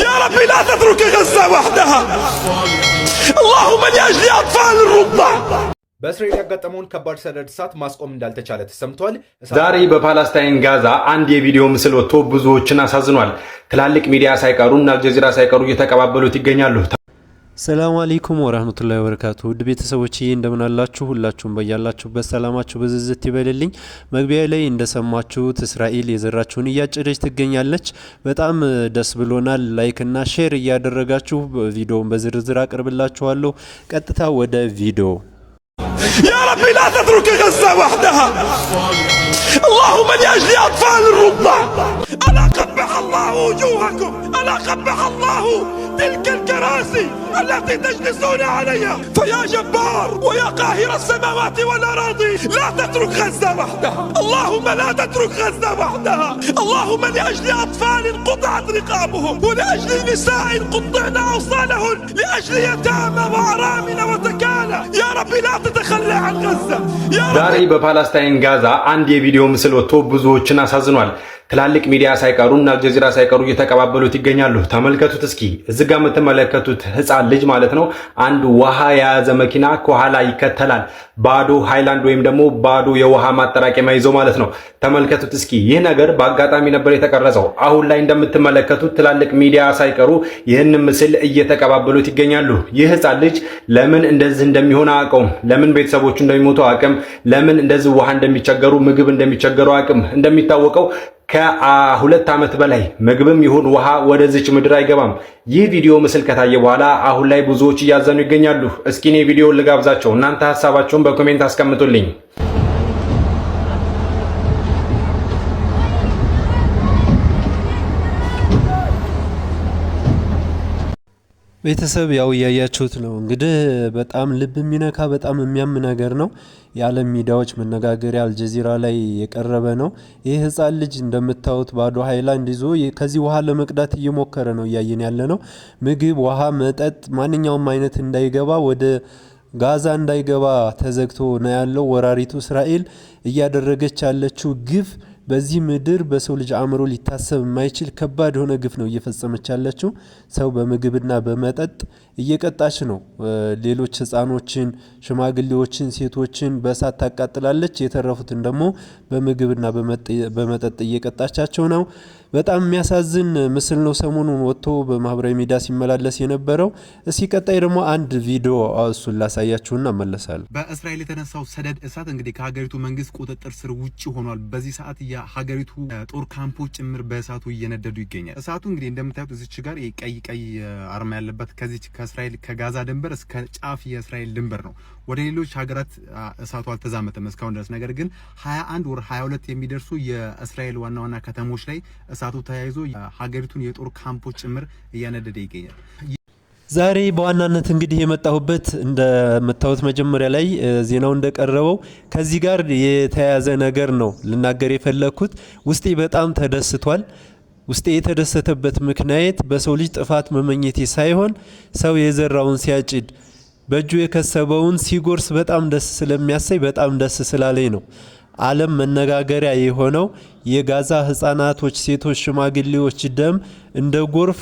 يا ربي لا تترك غزة وحدها اللهم لأجل أطفال الرضع በእስራኤል ያጋጠመውን ከባድ ሰደድ እሳት ማስቆም እንዳልተቻለ ተሰምቷል። ዛሬ በፓላስታይን ጋዛ አንድ የቪዲዮ ምስል ወጥቶ ብዙዎችን አሳዝኗል። ትላልቅ ሚዲያ ሳይቀሩ እና አልጀዚራ ሳይቀሩ እየተቀባበሉት ይገኛሉ። ሰላም አለይኩም ወራህመቱላሂ ወበረካቱ ውድ ቤተሰቦች እንደምን አላችሁ? ሁላችሁም በያላችሁበት ሰላማችሁ በዝዝት ይበልልኝ። መግቢያ ላይ እንደሰማችሁት እስራኤል የዘራችሁን እያጨደች ትገኛለች። በጣም ደስ ብሎናል። ላይክና ሼር እያደረጋችሁ ቪዲዮውን በዝርዝር አቅርብላችኋለሁ። ቀጥታ ወደ ቪዲዮ يا ربي لا تترك غزة وحدها اللهم لأجل أطفال الرضع ألا قبح الله وجوهكم ألا قبح الله تلك الكراسي التي تجلسون عليها فيا جبار ويا قاهر السماوات والأراضي لا تترك غزة وحدها اللهم لا تترك غزة وحدها اللهم لأجل أطفال قطعت رقابهم ولأجل نساء قطعن أوصالهن لأجل يتامى وأرامل وتكالى يا رب لا تتخلى عن غزة يا رب داري በፓላስታይን غزه عندي فيديو مثل ወጥቶ بزوجنا سازنوال ትላልቅ ሚዲያ ሳይቀሩ እና አልጀዚራ ሳይቀሩ እየተቀባበሉት ይገኛሉ። ተመልከቱት እስኪ እዚህ ጋር የምትመለከቱት ህፃን ልጅ ማለት ነው። አንድ ውሃ የያዘ መኪና ከኋላ ይከተላል። ባዶ ሃይላንድ ወይም ደግሞ ባዶ የውሃ ማጠራቀሚያ ይዞ ማለት ነው። ተመልከቱት እስኪ። ይህ ነገር በአጋጣሚ ነበር የተቀረጸው። አሁን ላይ እንደምትመለከቱት ትላልቅ ሚዲያ ሳይቀሩ ይህን ምስል እየተቀባበሉት ይገኛሉ። ይህ ህፃን ልጅ ለምን እንደዚህ እንደሚሆን አያውቀውም። ለምን ቤተሰቦቹ እንደሚሞቱ አቅም፣ ለምን እንደዚህ ውሃ እንደሚቸገሩ ምግብ እንደሚቸገሩ አቅም። እንደሚታወቀው ከሁለት ዓመት በላይ ምግብም ይሁን ውሃ ወደዚች ምድር አይገባም። ይህ ቪዲዮ ምስል ከታየ በኋላ አሁን ላይ ብዙዎች እያዘኑ ይገኛሉ። እስኪ እኔ ቪዲዮ ልጋብዛቸው፣ እናንተ ሀሳባቸውን እሱን በኮሜንት አስቀምጡልኝ። ቤተሰብ ያው እያያችሁት ነው እንግዲህ በጣም ልብ የሚነካ በጣም የሚያም ነገር ነው። የዓለም ሚዲያዎች መነጋገሪያ አልጀዚራ ላይ የቀረበ ነው። ይህ ሕፃን ልጅ እንደምታዩት ባዶ ሀይላንድ ይዞ ከዚህ ውሃ ለመቅዳት እየሞከረ ነው እያየን ያለ ነው። ምግብ፣ ውሃ፣ መጠጥ ማንኛውም አይነት እንዳይገባ ወደ ጋዛ እንዳይገባ ተዘግቶ ነው ያለው። ወራሪቱ እስራኤል እያደረገች ያለችው ግፍ በዚህ ምድር በሰው ልጅ አእምሮ ሊታሰብ የማይችል ከባድ የሆነ ግፍ ነው እየፈጸመች ያለችው። ሰው በምግብና በመጠጥ እየቀጣች ነው። ሌሎች ሕፃኖችን፣ ሽማግሌዎችን፣ ሴቶችን በእሳት ታቃጥላለች። የተረፉትን ደግሞ በምግብና በመጠጥ እየቀጣቻቸው ነው። በጣም የሚያሳዝን ምስል ነው ሰሞኑን ወጥቶ በማህበራዊ ሚዲያ ሲመላለስ የነበረው። እስኪ ቀጣይ ደግሞ አንድ ቪዲዮ እሱን ላሳያችሁና መለሳል። በእስራኤል የተነሳው ሰደድ እሳት እንግዲህ ከሀገሪቱ መንግስት ቁጥጥር ስር ውጭ ሆኗል። በዚህ ሰዓት የሀገሪቱ ጦር ካምፖች ጭምር በእሳቱ እየነደዱ ይገኛል። እሳቱ እንግዲህ እንደምታዩት እዚች ጋር ቀይ ቀይ አርማ ያለበት ከዚች ከእስራኤል ከጋዛ ድንበር እስከ ጫፍ የእስራኤል ድንበር ነው። ወደ ሌሎች ሀገራት እሳቱ አልተዛመተም እስካሁን ድረስ ነገር ግን 21 ወር 22 የሚደርሱ የእስራኤል ዋና ዋና ከተሞች ላይ ከእሳቱ ተያይዞ ሀገሪቱን የጦር ካምፖች ጭምር እያነደደ ይገኛል። ዛሬ በዋናነት እንግዲህ የመጣሁበት እንደምታዩት መጀመሪያ ላይ ዜናው እንደቀረበው ከዚህ ጋር የተያያዘ ነገር ነው ልናገር የፈለግኩት። ውስጤ በጣም ተደስቷል። ውስጤ የተደሰተበት ምክንያት በሰው ልጅ ጥፋት መመኘቴ ሳይሆን ሰው የዘራውን ሲያጭድ በእጁ የከሰበውን ሲጎርስ በጣም ደስ ስለሚያሳይ በጣም ደስ ስላለኝ ነው። ዓለም መነጋገሪያ የሆነው የጋዛ ሕፃናቶች፣ ሴቶች፣ ሽማግሌዎች ደም እንደ ጎርፍ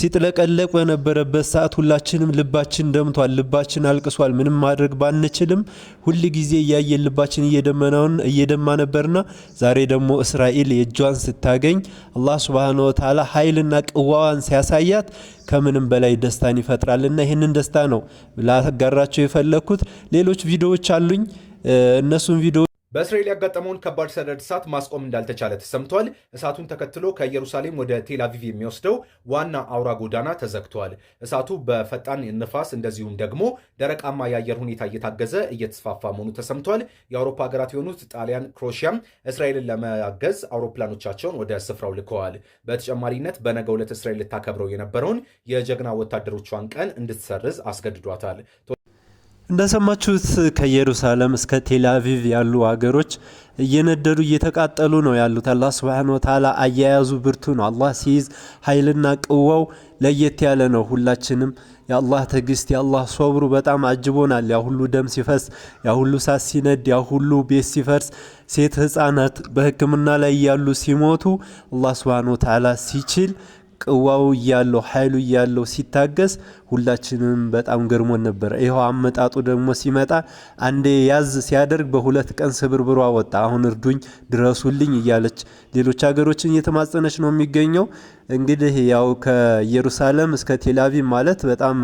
ሲጥለቀለቅ በነበረበት ሰዓት ሁላችንም ልባችን ደምቷል፣ ልባችን አልቅሷል። ምንም ማድረግ ባንችልም ሁል ጊዜ እያየን ልባችን እየደመናውን እየደማ ነበርና ዛሬ ደግሞ እስራኤል የእጇን ስታገኝ አላህ ሱብሃነሁ ወተዓላ ኃይልና ቅዋዋን ሲያሳያት ከምንም በላይ ደስታን ይፈጥራልና ይህንን ደስታ ነው ላጋራቸው የፈለግኩት። ሌሎች ቪዲዮዎች አሉኝ እነሱን ቪዲዮ በእስራኤል ያጋጠመውን ከባድ ሰደድ እሳት ማስቆም እንዳልተቻለ ተሰምቷል። እሳቱን ተከትሎ ከኢየሩሳሌም ወደ ቴልአቪቭ የሚወስደው ዋና አውራ ጎዳና ተዘግቷል። እሳቱ በፈጣን ንፋስ እንደዚሁም ደግሞ ደረቃማ የአየር ሁኔታ እየታገዘ እየተስፋፋ መሆኑ ተሰምቷል። የአውሮፓ ሀገራት የሆኑት ጣሊያን፣ ክሮሺያም እስራኤልን ለመያገዝ አውሮፕላኖቻቸውን ወደ ስፍራው ልከዋል። በተጨማሪነት በነገው ዕለት እስራኤል ልታከብረው የነበረውን የጀግና ወታደሮቿን ቀን እንድትሰርዝ አስገድዷታል። እንደሰማችሁት ከኢየሩሳሌም እስከ ቴላቪቭ ያሉ ሀገሮች እየነደዱ እየተቃጠሉ ነው ያሉት። አላህ ስብሐነሁ ወተዓላ አያያዙ ብርቱ ነው። አላህ ሲይዝ ኃይልና ቅዋው ለየት ያለ ነው። ሁላችንም የአላህ ትዕግስት የአላህ ሶብሩ በጣም አጅቦናል። ያ ሁሉ ደም ሲፈስ፣ ያ ሁሉ ሳት ሲነድ፣ ያ ሁሉ ቤት ሲፈርስ፣ ሴት ህፃናት በህክምና ላይ ያሉ ሲሞቱ አላህ ስብሐነሁ ወተዓላ ሲችል ቅዋው እያለው ኃይሉ እያለው ሲታገስ ሁላችንም በጣም ገርሞን ነበር። ይኸው አመጣጡ ደግሞ ሲመጣ አንዴ ያዝ ሲያደርግ በሁለት ቀን ስብርብሯ ወጣ። አሁን እርዱኝ፣ ድረሱልኝ እያለች ሌሎች ሀገሮችን እየተማጸነች ነው የሚገኘው። እንግዲህ ያው ከኢየሩሳሌም እስከ ቴላቪ ማለት በጣም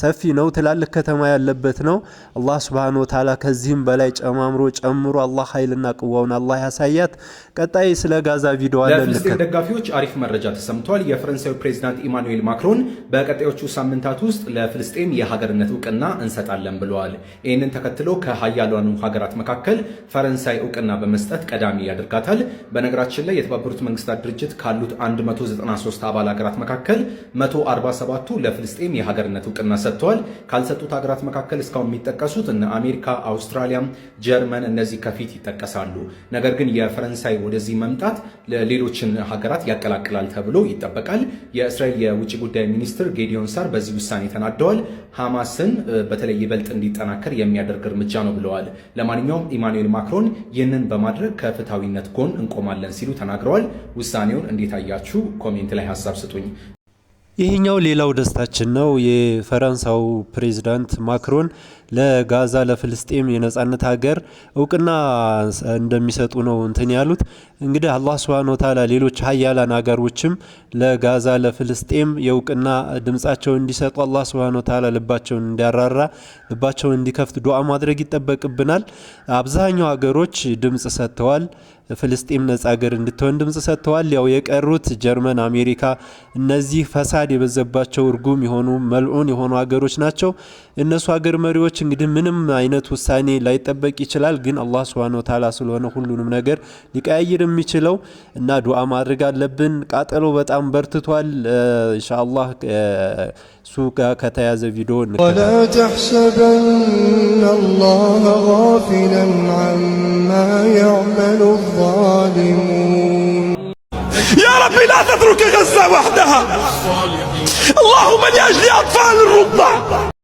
ሰፊ ነው፣ ትላልቅ ከተማ ያለበት ነው። አላህ ሱብሃነሁ ወተዓላ ከዚህም በላይ ጨማምሮ ጨምሮ አላህ ኃይልና ቅዋውን አላህ ያሳያት። ቀጣይ ስለ ጋዛ ቪዲዮ አለ። ለፍልስጤን ደጋፊዎች አሪፍ መረጃ ተሰምቷል። የፈረንሳዩ ፕሬዚዳንት ኢማኑኤል ማክሮን በቀጣዮቹ ሳምንታት ውስጥ ለፍልስጤም የሀገርነት እውቅና እንሰጣለን ብለዋል። ይህንን ተከትሎ ከሀያሏኑ ሀገራት መካከል ፈረንሳይ እውቅና በመስጠት ቀዳሚ ያደርጋታል። በነገራችን ላይ የተባበሩት መንግስታት ድርጅት ካሉት 193 13 አባል ሀገራት መካከል 147ቱ ለፍልስጤም የሀገርነት እውቅና ሰጥተዋል። ካልሰጡት ሀገራት መካከል እስካሁን የሚጠቀሱት እነ አሜሪካ፣ አውስትራሊያም፣ ጀርመን እነዚህ ከፊት ይጠቀሳሉ። ነገር ግን የፈረንሳይ ወደዚህ መምጣት ሌሎችን ሀገራት ያቀላቅላል ተብሎ ይጠበቃል። የእስራኤል የውጭ ጉዳይ ሚኒስትር ጌዲዮን ሳር በዚህ ውሳኔ ተናደዋል። ሐማስን በተለይ ይበልጥ እንዲጠናከር የሚያደርግ እርምጃ ነው ብለዋል። ለማንኛውም ኢማኑኤል ማክሮን ይህንን በማድረግ ከፍትሐዊነት ጎን እንቆማለን ሲሉ ተናግረዋል። ውሳኔውን እንዴት አያችሁ? ኮሜንት ላይ ሀሳብ ስጡኝ። ይህኛው ሌላው ደስታችን ነው። የፈረንሳው ፕሬዚዳንት ማክሮን ለጋዛ ለፍልስጤም የነጻነት ሀገር እውቅና እንደሚሰጡ ነው እንትን ያሉት። እንግዲህ አላህ ስብሃነ ወተዓላ ሌሎች ሀያላን ሀገሮችም ለጋዛ ለፍልስጤም የእውቅና ድምጻቸውን እንዲሰጡ አላህ ስብሃነ ወተዓላ ልባቸውን እንዲያራራ ልባቸውን እንዲከፍት ዱዓ ማድረግ ይጠበቅብናል። አብዛኛው ሀገሮች ድምጽ ሰጥተዋል። ፍልስጤም ነጻ ሀገር እንድትሆን ድምጽ ሰጥተዋል። ያው የቀሩት ጀርመን፣ አሜሪካ እነዚህ ፈሳድ የበዘባቸው እርጉም የሆኑ መልዑን የሆኑ ሀገሮች ናቸው። እነሱ ሀገር መሪዎች እንግዲህ ምንም አይነት ውሳኔ ላይጠበቅ ይችላል። ግን አላህ ስብሃነ ወተዓላ ስለሆነ ሁሉንም ነገር ሊቀያይር የሚችለው እና ዱዓ ማድረግ አለብን። ቃጠሎ በጣም በርትቷል። ኢንሻአላህ እሱ ጋር ከተያዘ ቪዲዮ እንከ الظالمون يا ربي لا تترك غزة وحدها اللهم لأجل أطفال الرضع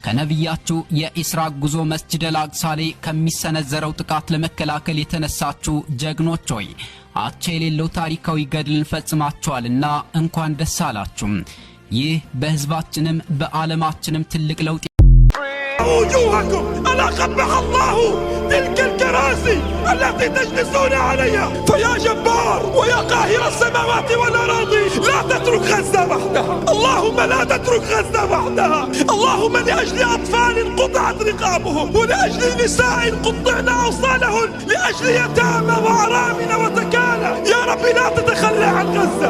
ከነቢያቸው የኢስራ ጉዞ መስጅድ አልአቅሳ ላይ ከሚሰነዘረው ጥቃት ለመከላከል የተነሳችሁ ጀግኖች ሆይ አቻ የሌለው ታሪካዊ ገድልን ፈጽማችኋልና እንኳን ደስ አላችሁም። ይህ በህዝባችንም በዓለማችንም ትልቅ ለውጥ وجوهكم ألا قبح الله تلك الكراسي التي تجلسون عليها فيا جبار ويا قاهر السماوات والأراضي لا تترك غزة وحدها اللهم لا تترك غزة وحدها اللهم لأجل أطفال قطعت رقابهم ولأجل نساء قطعن أوصالهن لأجل يتامى وأرامل وتكالى يا رب لا تتخلى عن غزة